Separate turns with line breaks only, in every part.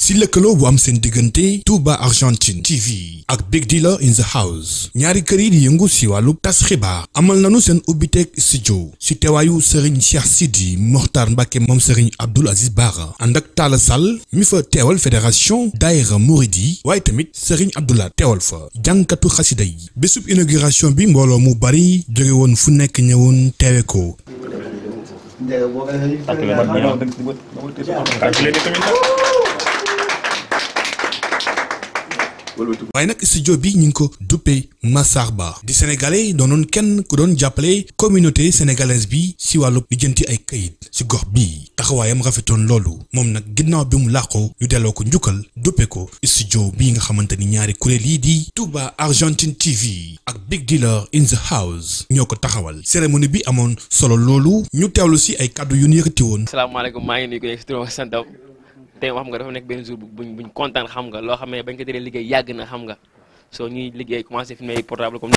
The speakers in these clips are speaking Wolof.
ci lëkkaloo bu am seen diggante tuba Argentine TV ak Big Dealer in the House ñaari kër yi di yëngu ci wàllu tas xibaar amal nanu seen ubbiteeg studio ci teewaayu Serigne Cheikh Sidi Mokhtar Mbacke moom Serigne Abdoul Aziz Bara ànd ak Talla Sall mi fa teewal fédération Daïra Mouridi waaye tamit sëriñ Abdoulaye teewal fa jànkatu xasida yi bésub inauguration bi mbooloo mu bari jóge woon fu nekk ñëwoon teewe ko. waaye nag studio bi ñu ngi ko duppee Massar Ba di sénégalais doonoon kenn ku doon jàppale communauté sénégalaise bi si wàllu lijjanti ay kayit si gox bii taxawaayam rafetoon loolu moom nag ginnaaw bi mu làqoo ñu delloo ko njukkal duppe ko studio bii nga xamante ni ñaari kuréel yii di Touba Argentine TV ak Big Dealer in the House ñoo ko taxawal cérémonie bi amoon solo loolu ñu teewlu si ay kàddu yu ñu yëkkati woon.
salaamaaleykum maa ngi nuyu ko sant tey wax nga dafa nekk benn jour buñ buñ kontaan xam nga loo xam ne bañ ko teree liggéey yàgg na xam nga soo ñuy liggéey commencé filmer ay portable comme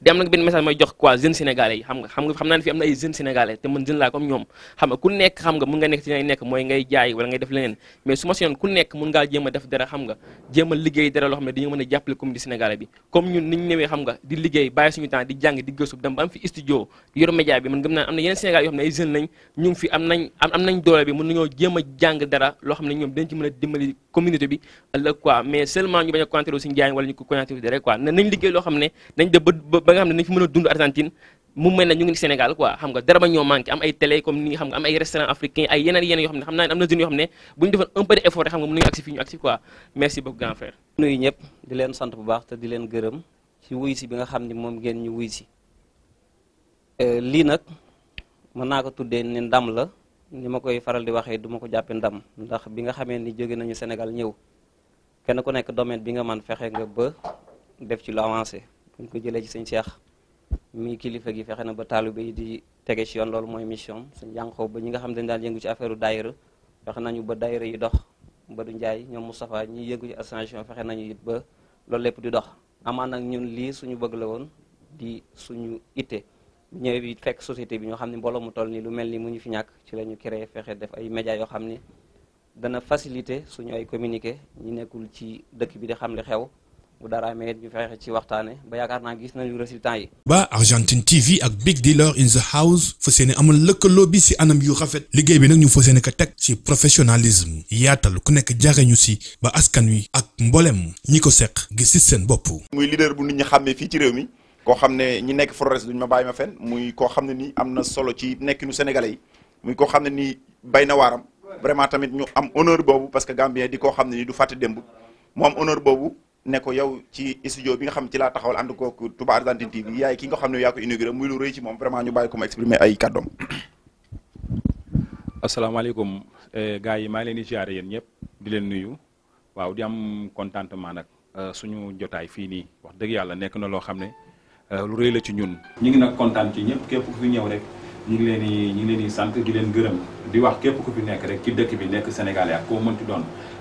di am nag benn message may jox quoi jeune sénégalais yi xam nga xam naa ne fi am na ay jeune sénégalais te man jeune laa comme ñoom xam nga a a liggéey dara loo xam ne a jàppale ñun fi am nañ doole bi mën nañoo jéem a jàng dara loo xam ne ñoom dañ ci mën a dimbali communauté bi ëllëg quoi mais seulement ñu bañ a concentré suñu jaay de rek quoi nañ liggéey loo xam ne nañ def ba ba nga xam ne nañ fi mën a dund Argentine mu mel ne ñu ngi Sénégal quoi xam nga dara ba ñoo manqué am ay télé comme ni xam nga am ay restaurant africain ay yeneen yoo xam ne xam naa ne am na jeunes yoo xam ne bu ñu defoon un peu d'effort xam nga mën nañu agsi fii ñu agsi quoi merci beaucoup grand frère
nuyu ñëpp di leen sant bu baax te leen gërëm ci wuy si bi ne moom ngeen ñu euh, lii nag mën naa ko tuddee ne ndam la ni ma koy faral di waxee duma ko jàppe ndam ndax bi nga xamee ni jóge nañu Sénégal ñëw kenn ku nekk domaine bi nga man fexe nga ba def ci lu avancé buñ ko jëlee ci sëñ Cheikh muy kilifa gi fexe na ba taalibe yi di tege ci yoon loolu mooy mission sëñ ba ñi nga xam dañ daan yëngu ci affaire u daayira fexe nañu ba daayira yi dox ba du njaay ñoom Moustapha ñi yëngu ci association fexe nañu it ba loolu lépp di dox amaan ñun lii suñu bëgg la woon di suñu ite bi ñëwee bi fekk bi ñoo xam ne mbooloo mu toll nii lu mel ni mu ñu fi ñàkk ci la ñu créé fexe def ay médias yoo xam ni dana facilité suñu ay communiqué ñi nekkul ci dëkk bi di xam li xew bu dara amee ñu fexe ci waxtaane ba yaakaar naa gis nañu résultat yi.
ba Argentine TV ak Big Dealer in the House fas yéene amul lëkkaloo bi si anam yu rafet liggéey bi nag ñu fas yéene ko teg ci professionnalisme yaatal ku nekk jariñu si ba askan wi ak mboolem ñi ko seq gis si seen bopp.
muy leader bu nit ñi xàmmee fii ci réew mi. koo xam ne ñi nekk Flores duñ ma baay ma fen muy koo xam ne nii am na solo ci nekkinu sénégalais yi muy koo xam ne nii bay na waaram vraiment tamit ñu am honneur boobu parce que Gambien di koo xam ne ni du fàtte démb mu am honneur boobu ne ko yow ci studio bi nga xam ci laa taxawal ànd kooku Touba Argentine TV yaay ki nga xam ne yaa ko inauguré muy lu rëy ci moom vraiment ñu bàyyi ko mu exprimer ay kàddoom. asalaamaaleykum eh, gars yi maa leen di ziare yéen ñëpp di leen nuyu waaw di am nag eh, suñu jotaay fii nii wax dëgg yàlla nekk na loo xam ne. Euh, lu rëy la ci ñun. ñu ngi nag kontaan ci ñëpp képp ku fi ñëw rek ñu ngi leen di ñu ngi leen di sant di leen gërëm di wax képp ku fi nekk rek ci dëkk bi nekk Sénégalais ak koo mënti doon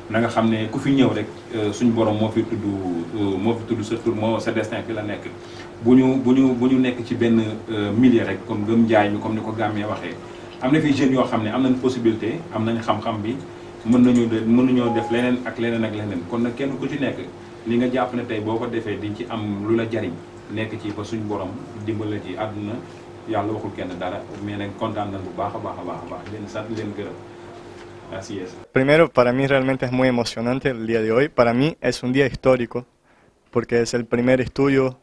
na nga xam ne ku fi ñëw rek euh, suñu borom moo fi tudd euh, moo fi tudd sa tur moo sa destin fi la nekk. bu ñu bu ñu bu ñu nekk ci benn milieu rek comme gëm njaay mi comme ni ko Gàmmee waxee am na fi jeunes yoo xam ne am nañ possibilité am nañ xam-xam bi mën nañu de mën nañoo def leneen ak leneen ak leneen kon nag kenn ku ci nekk li nga jàpp ne tey boo ko defee di ci am lu la jariñ nekk ci ba suñ borom dimbale ci àdduna yàlla waxul kenn dara mais nag kontaan nañ bu baax a baax a baax a baax leen sant leen gërëm así es. Primero, para mí realmente es muy emocionante el día de hoy. Para mí es un día histórico porque es el primer estudio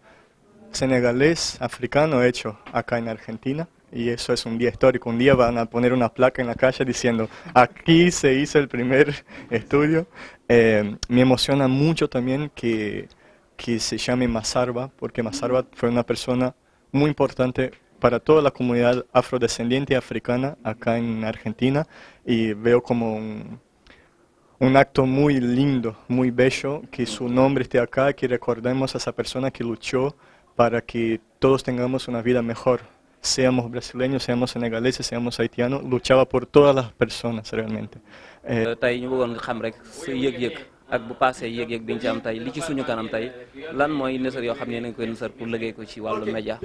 senegalés africano hecho acá en Argentina. Y eso es un día histórico. Un día van a poner una placa en la calle diciendo, aquí se hizo el primer estudio. Eh, me emociona mucho también que que se llame Masarba, porque Masarba fue una persona muy importante para toda la comunidad afrodescendiente africana acá en Argentina y veo como un, un, acto muy lindo, muy bello, que su nombre esté acá, que recordemos a esa persona que luchó para que todos tengamos una vida mejor, seamos brasileños, seamos senegaleses, seamos haitianos, luchaba por todas las personas realmente. Eh,
ak bu paasee yéeg-yéeg bi ñu ci am tey li ci suñu kanam tey lan mooy nësër yoo xam ne nañ koy nësër pour liggéey ko ci wàllu média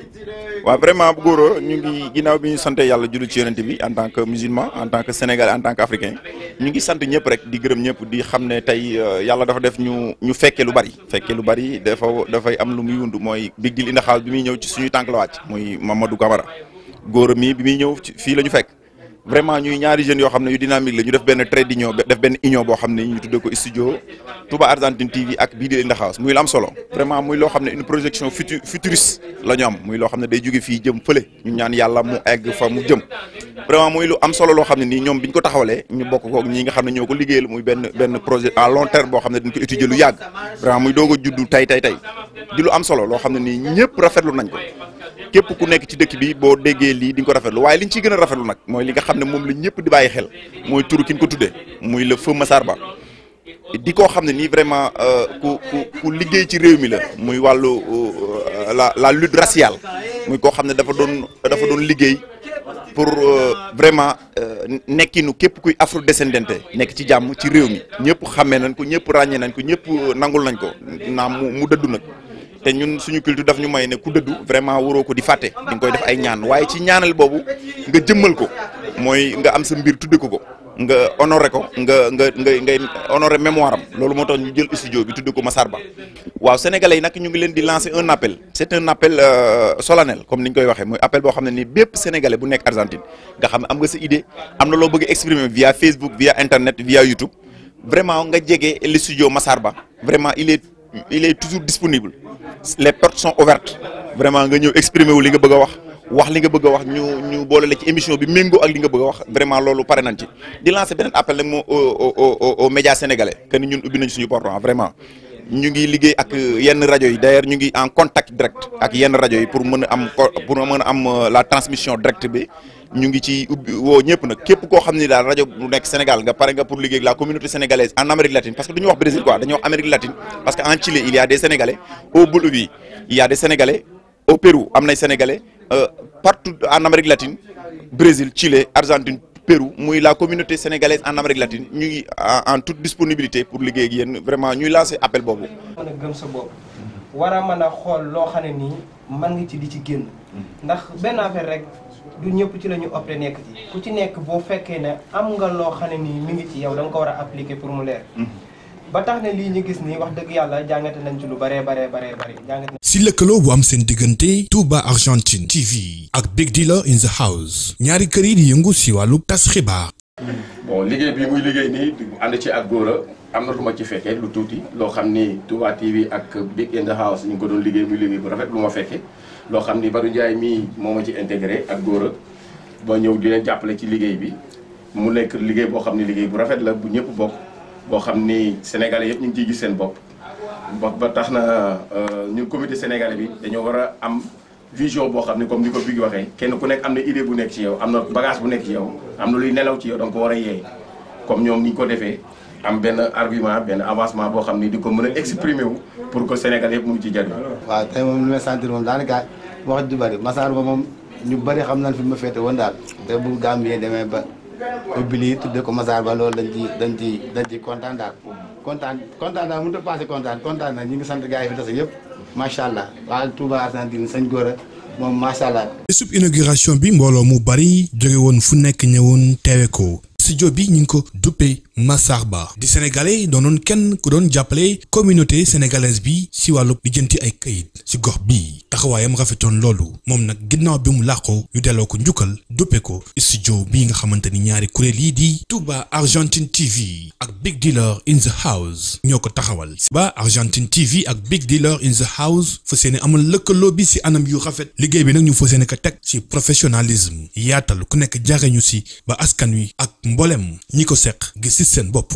waaw vraiment bu góor ñu ngi ginnaaw bi ñu sante yàlla jullu ci yonent bi en tant que musulman en tant que sénégalais en tant que africain ñu ngi sant ñëpp rek di gërëm ñëpp di xam ne tey euh, yàlla dafa def ñu ñu fekkee lu bari fekkee lu bari dafa dafay am lu muy wund mooy big deal indaxaal bi muy ñëw ci suñuy tànk la wàcc muy Mamadou Camara góor mi bi muy ñëw fii la ñu fekk vraiment ñuy ñaari jeunes yoo xam ne yu dynamique la ñu def benn trade d'union def benn union boo xam ne ñu tuddee ko studio Touba Argentine TV ak bii di In The muy lu am solo vraiment muy loo xam ne une projection futu futuriste la am muy loo xam ne day jóge fi jëm fële ñu ñaan yàlla mu egg fa mu jëm vraiment muy lu am solo loo xam ne nii ñoom bi ko taxawalee ñu bokk kook ñi nga xam ne ñoo ko liggéeyal muy benn benn projet à long terme boo xam ne dañ ko étudier lu yàgg a juddu tey tey tey di lu am solo loo xam ne nii ñëpp rafetlu nañ ko képp ku nekk ci dëkk bi boo déggee lii di ko rafetlu waaye liñ ciy gën a rafetlu nag mooy li nga xam ne moom la ñëpp di bàyyi xel mooy turu ki ñu ko tuddee muy le feu Massar Ba di koo xam ne nii vraiment euh, ku ku ku liggéey ci réew mi la muy wàllu euh, la la lutte muy koo xam ne dafa doon dafa doon liggéey pour euh, vraiment euh, nekkinu képp kuy afro descendante nekk ci jàmm ci réew mi ñëpp xamee nañ ko ñëpp ràññee nañ ko ñëpp euh, nangul nañ ko naam mu mu dëddu nag te ñun suñu culture daf ñu may ne ku dëddu vraiment waroo ko di fàtte di nga koy def ay ñaan waaye ci ñaanal boobu nga jëmmal ko mooy nga am sa mbir tudde ko ko nga honoré ko nga nga ngay ngay honoré mémoire am loolu moo tax ñu jël studio bi tudd ko Massar Ba waaw sénégalais yi nag ñu ngi leen di lancer un appel c'est un appel euh, solennel comme ni ñu koy waxee mooy appel boo xam ne ni bépp sénégalais bu nekk Argentine nga xam ne am nga sa idée am na loo bëgg exprimer via Facebook via internet via YouTube vraiment nga jege le studio Massar Ba vraiment il est toujours disponible les portes sont ouvertes vraiment nga ñëw exprimer wu li nga bëgg a wax. wax li nga bëgg a wax ñu ñu boole ci émission bi méngoo ak li nga bëgg wax vraiment loolu pare nañ ci di lancer beneen appel nag moo au au au médias sénégalais que ni ñun ubbi nañ suñu portant vraiment ñu ngi liggéey ak yenn rajo yi d'ailleurs ñu ngi en contact direct ak yenn rajo yi pour mën a am pour mën a am euh, la transmission directe bi ñu ngi ci ubbi woo ñëpp nag képp koo xam ni daal rajo bu nekk Sénégal nga pare nga pour liggéey la communauté sénégalaise en Amérique latine parce que du ñu que en a des Sénégalais au Bolivie a des Sénégalais am nay Sénégalais Euh, partout en Amérique latine Brésil Chili Argentine Pérou muy la communauté sénégalaise en Amérique latin ñuy en toute disponibilité pour liggéey ak yéen vraiment ñuy lancer appel boobu. mën
a gëm sa bopp war a mën a xool loo xam ne nii man ngi ci di ci génn. ndax benn affaire rek du ñëpp ci la ñu opté nekk ci. ku ci nekk boo fekkee ne am nga loo xam ne nii mi ngi ci yow da nga ko war a appliquer pour mu leer. Mm-hmm. ba tax na lii ñu gis nii wax dëgg yàlla jàngate nañ ci lu bare bare bare
si lëkkaloo bu am seen diggante Touba Argentine TV ak Big Dealer in the House ñaari kër yi di yëngu si wàllu tas xibaar
bon liggéey bi muy liggéey nii ànd ci ak góora am na lu ma ci fekkee lu tuuti loo xam ni Touba TV ak Big in the House ñu ngi ko doon liggéey muy liggéey bu rafet lu ma fekkee loo xam ni Badou njaay mii moo ma ci intégré ak góora ba ñëw di leen jàppale ci liggéey bi mu nekk liggéey boo xam ne liggéey bu rafet la bu ñëpp bokk boo xam ni sénégalais yëpp ñu ngi ciy gis seen bopp ba ba tax na euh, ñu comité sénégal bi dañoo war a am vision boo xam ni comme ni ko Biggi kenn ku nekk am na idée bu nekk ci yow am na bagage bu nekk ci yow am na luy nelaw ci yow donc war a yee comme ñoom ni ñu ko defee am benn argument benn avancement boo xam ni di ko mën a exprimer wu pour que sénégal yëpp mun ci jariñ.
waaw tey moom li may sentir moom daanaka wax ju bari Massar ba moom ñu bari xam nañ fi ma féete woon daal te bu Gambie ba. ubbi lii tudde ko Massar ba loolu dañ ci dañ ci dañ kontaan daal kontaan kontaan daal mënut a passé kontaan kontaan na ñu ngi sant gars yi fi tase yëpp macha allah waa Touba Argentine sañ góor moom macha allah.
bésub inauguration bi mbooloo mu bari jóge woon fu nekk ñëwoon teewe ko studio bi ñu ngi ko duppee Massar Ba di sénégalais doonoon kenn ku doon jàppale communauté sénégalaise bi si wàllu lijjanti ay kayit ci gox bii taxawaayam rafetoon loolu moom nag ginnaaw bi mu làqoo ñu delloo ko njukkal duppe ko studio bii nga xamante ni ñaari kuréel yii di Touba Argentine TV ak Big Dealer in the House ñoo ko taxawal Touba Argentine TV ak Big Dealer in the House fa seeni amal lëkkaloo bi si anam yu rafet liggéey bi nag ñu fa seeni ko teg ci professionnalisme yaatal ku nekk jareñu si ba askan wi ak mboolem ñi ko seq gi ci seen bopp